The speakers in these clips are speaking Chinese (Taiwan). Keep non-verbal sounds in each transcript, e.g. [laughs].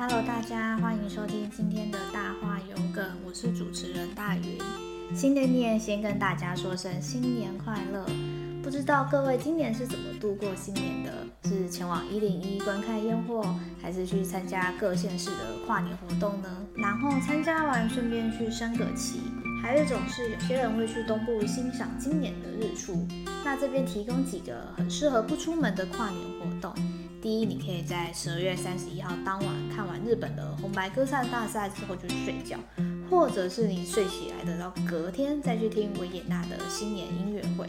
哈嘍，大家歡迎收聽今天的大話有梗，我是主持人大雲。新的一年先跟大家說聲新年快樂。不知道各位今年是怎麼度過新年的？是前往一零一觀看煙火，還是去參加各縣市的跨年活動呢？然後參加完順便去升個旗，還有一種是有些人會去東部欣賞今年的日出。那這邊提供幾個很適合不出門的跨年活動。第一，你可以在十二月三十一號當晚看完日本的紅白歌唱大賽之後就睡覺，或者是你睡起來等到隔天再去聽維也納的新年音樂會。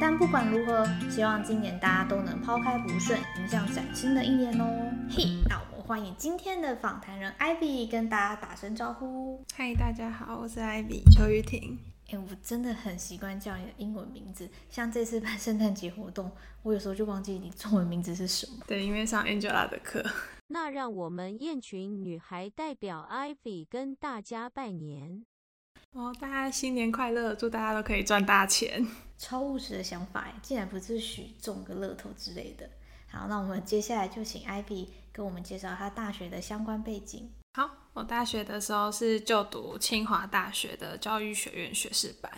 但不管如何，希望今年大家都能拋開不順，迎向嶄新的一年哦。嘿、hey,，那我們歡迎今天的訪談人 Ivy 跟大家打聲招呼。嗨、hey,，大家好，我是 Ivy 邱郁庭。哎，我真的很習慣叫你的英文名字，像這次辦聖誕節活動，我有時候就忘記你中文名字是什麼。對，因為上 Angela 的課。那讓我們宴群女孩代表 Ivy 跟大家拜年哦，大家新年快樂，祝大家都可以賺大錢。超務實的想法，竟然不是許中個樂透之類的。好，那我們接下來就請 Ivy 跟我們介紹她大學的相關背景。好，我大學的時候是就讀清華大學的教育學院學士班，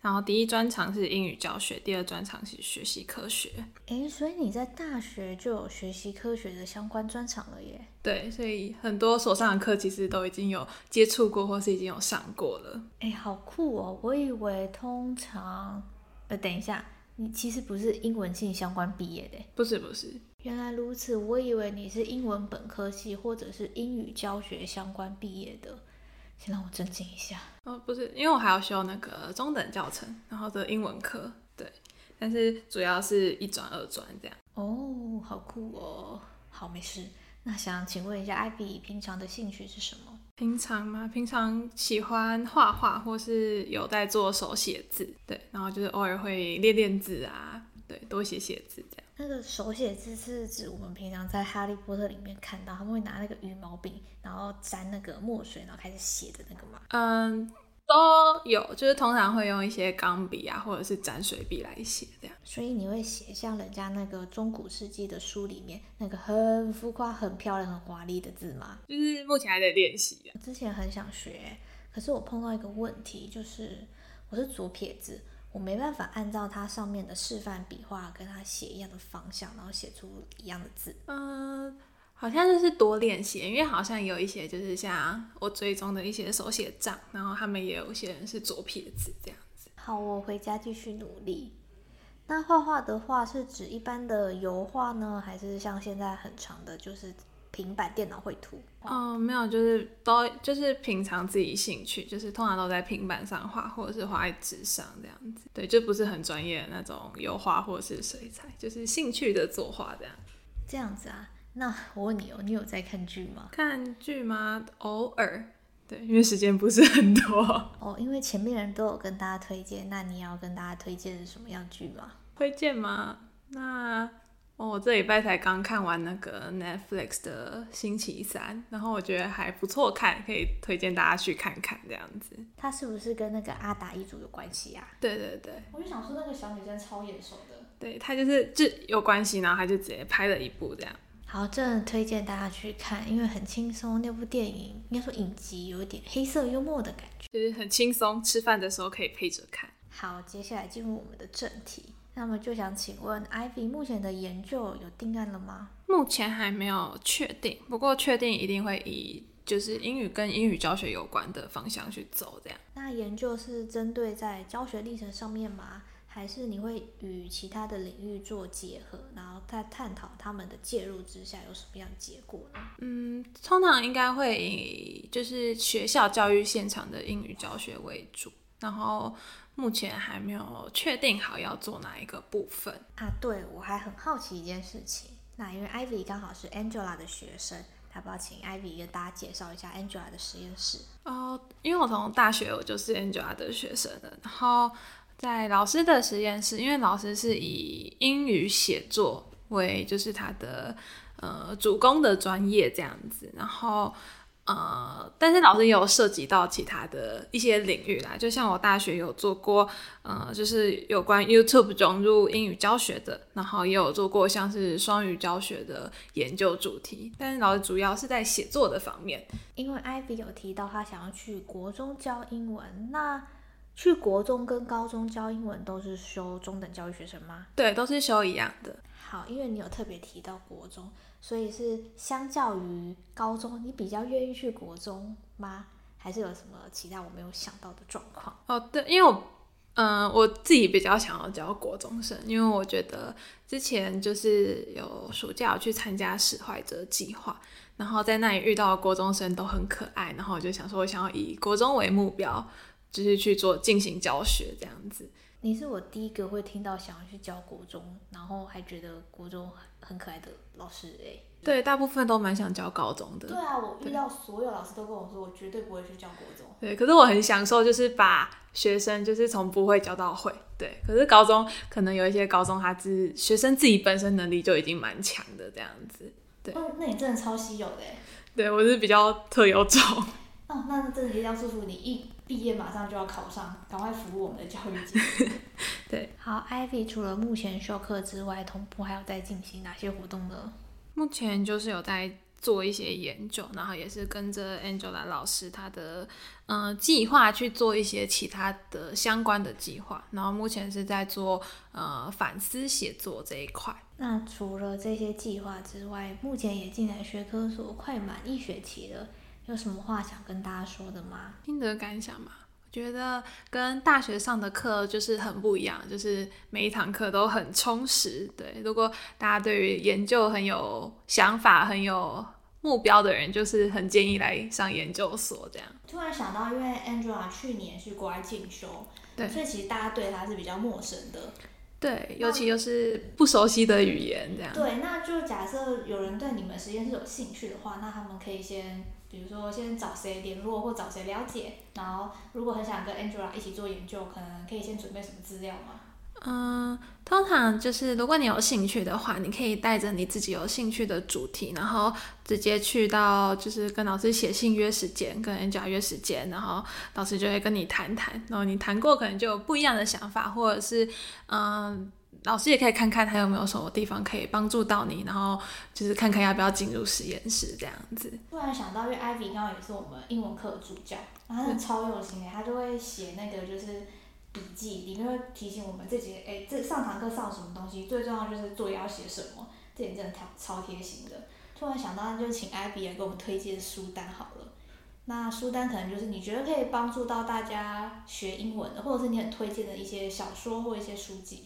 然後第一專長是英語教學，第二專長是學習科學。誒、欸，所以你在大學就有學習科學的相關專長了耶？對，所以很多所上的課其實都已經有接觸過，或是已經有上過了。誒、欸，好酷哦！我以為通常、呃……等一下，你其實不是英文系相關畢業的？不是，不是。原來如此，我以為你是英文本科系或者是英語教學相關畢業的，先讓我震驚一下。哦，不是，因為我還要修那個中等教程，然後的英文科，對，但是主要是一轉二轉這樣。哦，好酷哦，好沒事。那想請問一下，Ivy 平常的興趣是什麼？平常嗎？平常喜歡畫畫，或是有在做手寫字，對，然後就是偶爾會練練字啊，對，多寫寫字這樣。那個手寫字是指我們平常在《哈利波特》裡面看到他們會拿那個羽毛筆，然後沾那個墨水，然後開始寫的那個嗎？嗯，都有，就是通常會用一些鋼筆啊，或者是沾水筆來寫，這樣。所以你會寫像人家那個中古世紀的書裡面那個很浮誇、很漂亮、很華麗的字嗎？就是目前還得練習啊。之前很想學，可是我碰到一個問題，就是我是左撇子。我沒辦法按照它上面的示範筆畫跟它寫一樣的方向，然後寫出一樣的字。嗯、呃，好像就是多練習，因為好像有一些就是像我追蹤的一些手寫賬，然後他們也有些人是左撇子這樣子。好、哦，我回家繼續努力。那畫畫的話是指一般的油畫呢，還是像現在很長的就是？平板電腦繪圖哦，沒有，就是都就是平常自己興趣，就是通常都在平板上畫，或者是畫在紙上這樣子。對，就不是很專業的那種油畫或者是水彩，就是興趣的作畫這樣。這樣子啊，那我問你哦，你有在看劇嗎？看劇嗎？偶爾。對，因為時間不是很多。哦，因為前面人都有跟大家推薦，那你要跟大家推薦是什麼樣劇嗎？推薦嗎？那。哦，我這禮拜才剛看完那個 Netflix 的星期三，然後我覺得還不錯看，可以推薦大家去看看這樣子。他是不是跟那個阿達一族有關係啊？對對對。我就想說那個小女生超眼熟的。對，他就是就有關係，然後他就直接拍了一部這樣。好，真的推薦大家去看，因為很輕鬆。那部電影應該說影集有一點黑色幽默的感覺，就是很輕鬆，吃飯的時候可以配着看。好，接下來進入我們的正題。那麼就想請問，Ivy 目前的研究有定案了嗎？目前還沒有確定，不過確定一定會以就是英語跟英語教學有關的方向去走。這樣，那研究是針對在教學歷程上面嗎？還是你會與其他的領域做結合，然後再探討他們的介入之下有什麼樣的結果呢？嗯，通常應該會以就是學校教育現場的英語教學為主，然後。目前還沒有確定好要做哪一個部分啊。對，我還很好奇一件事情，那因為 Ivy 剛好是 Angela 的學生，他要請 Ivy 跟大家介紹一下 Angela 的實驗室。哦、呃，因為我從大學我就是 Angela 的學生了，然後在老師的實驗室，因為老師是以英語寫作為就是他的呃主攻的專業這樣子，然後。呃，但是老師也有涉及到其他的一些領域啦，就像我大學有做過，呃，就是有關 YouTube 融入英語教學的，然後也有做過像是雙語教學的研究主題，但是老師主要是在寫作的方面。因為 Ivy 有提到他想要去國中教英文，那。去國中跟高中教英文都是修中等教育學生嗎？對，都是修一樣的。好，因為你有特別提到國中，所以是相較於高中，你比較願意去國中嗎？還是有什麼其他我沒有想到的狀況？哦，對，因為我，嗯、呃，我自己比較想要教國中生，因為我覺得之前就是有暑假有去參加史懷哲計劃，然後在那裡遇到國中生都很可愛，然後我就想說，我想要以國中為目標。就是去做進行教學這樣子。你是我第一個會聽到想要去教國中，然後還覺得國中很很可愛的老師哎、欸。對，大部分都蠻想教高中的。對啊，我遇到所有老師都跟我說，我絕對不會去教國中。對，對可是我很享受，就是把學生就是從不會教到會。對，可是高中可能有一些高中，他自學生自己本身能力就已經蠻強的這樣子。對、哦，那你真的超稀有的、欸。對，我是比較特有種。哦，那這的葉江叔叔，你一畢業馬上就要考上，趕快服務我們的教育界。 [laughs] 對，好，Ivy 除了目前修課之外，同步還有在進行哪些活動呢？目前就是有在做一些研究，然後也是跟着 Angela 老師她的嗯、呃、計劃去做一些其他的相關的計劃，然後目前是在做、呃、反思寫作這一塊。那除了這些計劃之外，目前也進來學科所快滿一學期了。有什麼話想跟大家說的嗎？心得感想嗎？我覺得跟大學上的課就是很不一樣，就是每一堂課都很充實。對，如果大家對於研究很有想法、很有目標的人，就是很建議來上研究所這樣。突然想到，因為 Andrea 去年去國外進修，對，所以其實大家對他是比較陌生的。對，尤其又是不熟悉的語言，這樣。對，那就假設有人對你們實驗室有興趣的話，那他們可以先。比如說，先找誰聯絡或找誰了解，然後如果很想跟 Angela 一起做研究，可能可以先準備什麼資料嗎？嗯，通常就是如果你有興趣的話，你可以帶着你自己有興趣的主題，然後直接去到就是跟老師寫信約時間，跟 Angela 約時間，然後老師就會跟你談談，然後你談過可能就有不一樣的想法，或者是嗯。老師也可以看看他有沒有什麼地方可以幫助到你，然後就是看看要不要進入實驗室這樣子。突然想到，因為 Ivy 剛剛也是我們英文課的助教，然後他超用心的、嗯，他就會寫那個就是筆記，裡面會提醒我們這節哎、欸、這上堂課上什麼東西，最重要就是作業要寫什麼，這點真的超超貼心的。突然想到，那就請 Ivy 也給我們推薦書單好了。那書單可能就是你覺得可以幫助到大家學英文的，或者是你很推薦的一些小說或一些書籍。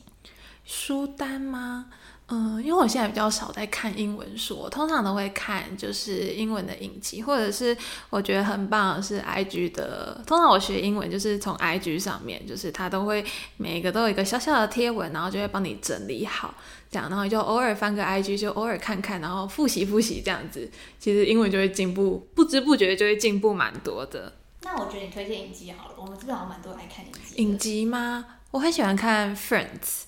書單嗎？嗯，因為我現在比較少在看英文書，我通常都會看就是英文的影集，或者是我覺得很棒的是 I G 的。通常我學英文就是從 I G 上面，就是它都會每一個都有一個小小的貼文，然後就會幫你整理好這樣，然後就偶爾翻個 I G，就偶爾看看，然後複習複習這樣子，其實英文就會進步，不知不覺就會進步蠻多的。那我覺得你推薦影集好了，我們基本上蠻多來愛看影集。影集嗎？我很喜歡看 Friends。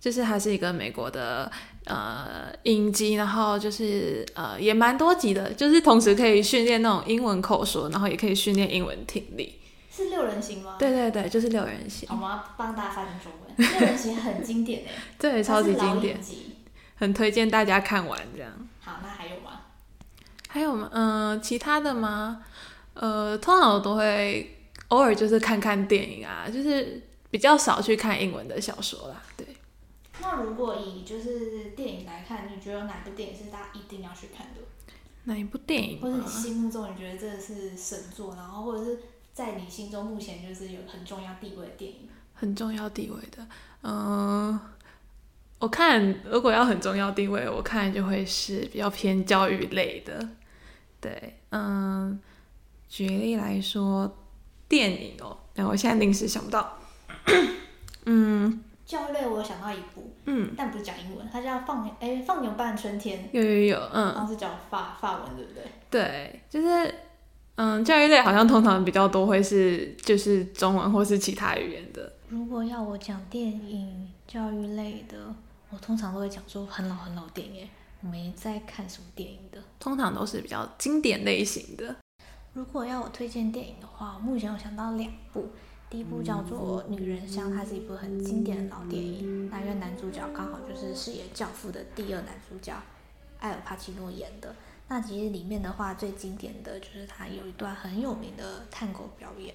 就是還是一個美國的呃影集，然後就是呃也蠻多集的，就是同時可以訓練那種英文口說，然後也可以訓練英文聽力。是六人行嗎？對對對，就是六人行。我們要幫大家翻成中文。 [laughs] 六人行很經典的， [laughs] 對，超級經典，很推薦大家看完這樣。好，那還有嗎？還有嗎？嗯、呃，其他的嗎？呃，通常我都會偶爾就是看看電影啊，就是比較少去看英文的小說啦，對。那如果以就是電影來看，你覺得哪部電影是大家一定要去看的？哪一部電影？或者你心目中你覺得這是神作，然後或者是在你心中目前就是有很重要地位的電影？很重要地位的，嗯，我看如果要很重要地位，我看就會是比較偏教育類的。對，嗯，舉例來說，電影哦、喔，那我現在臨時想不到， [coughs] 嗯。教育類，我有想到一部，嗯，但不是講英文，它叫放，哎、欸，放牛班春天，有有有，嗯，然後是講法法文，對不對？對，就是，嗯，教育類好像通常比較多會是就是中文或是其他語言的。如果要我講電影教育類的，我通常都會講說很老很老電影，我沒在看什麼電影的，通常都是比較經典類型的。如果要我推薦電影的話，我目前我想到兩部。第一部叫做《女人香》，它是一部很經典的老電影。那一個男主角剛好就是飾演教父的第二男主角，艾爾帕奇諾演的。那其實裡面的話，最經典的就是他有一段很有名的探戈表演。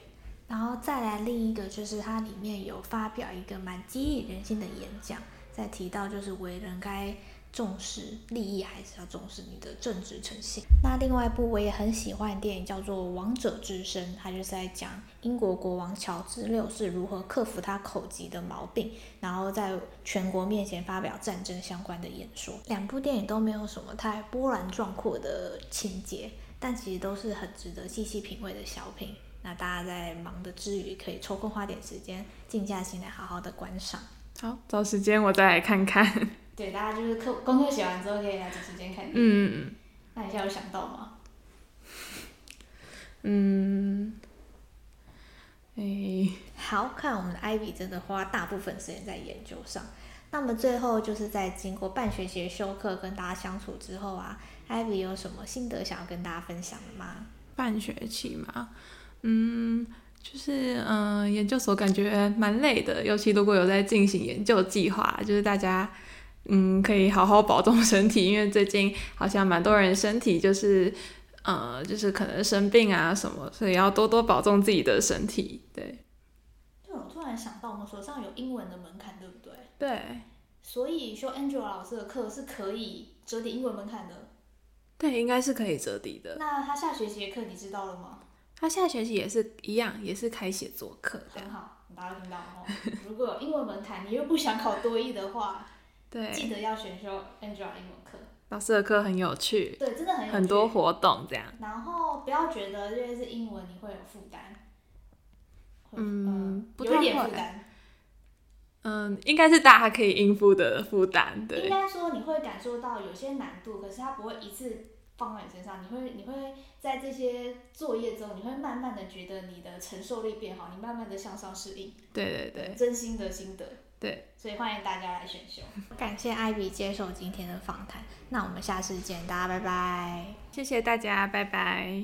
然後再來另一個，就是它裡面有發表一個蠻激勵人心的演講，在提到就是為人該重視利益還是要重視你的正直誠信。那另外一部我也很喜歡的電影叫做《王者之聲》，它就是在講英國國王喬治六世如何克服他口疾的毛病，然後在全國面前發表戰爭相關的演說。兩部電影都沒有什麼太波瀾壯闊的情節，但其實都是很值得細細品味的小品。那大家在忙的之餘，可以抽空花點時間靜下心來好好的觀賞。好，找時間我再來看看。對，大家就是課功課寫完之後可以來找時間看，嗯嗯嗯。那你現在有想到嗎？嗯。誒、欸，好看，我們的 Ivy 真的花大部分時間在研究上。那麼最後就是在經過半學期的修課跟大家相處之後啊，Ivy 有什麼心得想要跟大家分享的嗎？半學期嘛，嗯，就是嗯、呃，研究所感覺蠻累的，尤其如果有在進行研究計劃，就是大家。嗯，可以好好保重身體，因為最近好像蠻多人身體就是，呃，就是可能生病啊什麼，所以要多多保重自己的身體。對。對，我突然想到，我們手上有英文的門檻，對不對？對。所以，說 Angela 老師的課是可以折疊英文門檻的。對，應該是可以折疊的。那他下學期的課你知道了嗎？他下學期也是一樣，也是開寫作課。對很好，你大概聽到、哦、 [laughs] 如果有英文門檻，你又不想考多益的話。 [laughs] 對，記得要選修 Android 英文課，老師的課很有趣，對，真的很有趣，很多活動這樣。然後不要覺得因為是英文你會有負擔，嗯，會呃，不太會，有一點負擔，嗯，應該是大家可以應付的負擔。對，應該說你會感受到有些難度，可是它不會一次放在你身上，你會你會在這些作業中，你會慢慢的覺得你的承受力變好，你慢慢的向上適應。對對對，真心的心得。對，所以歡迎大家來選秀。感謝 Ivy 接受今天的訪談，那我們下次見，大家拜拜，謝謝大家，拜拜。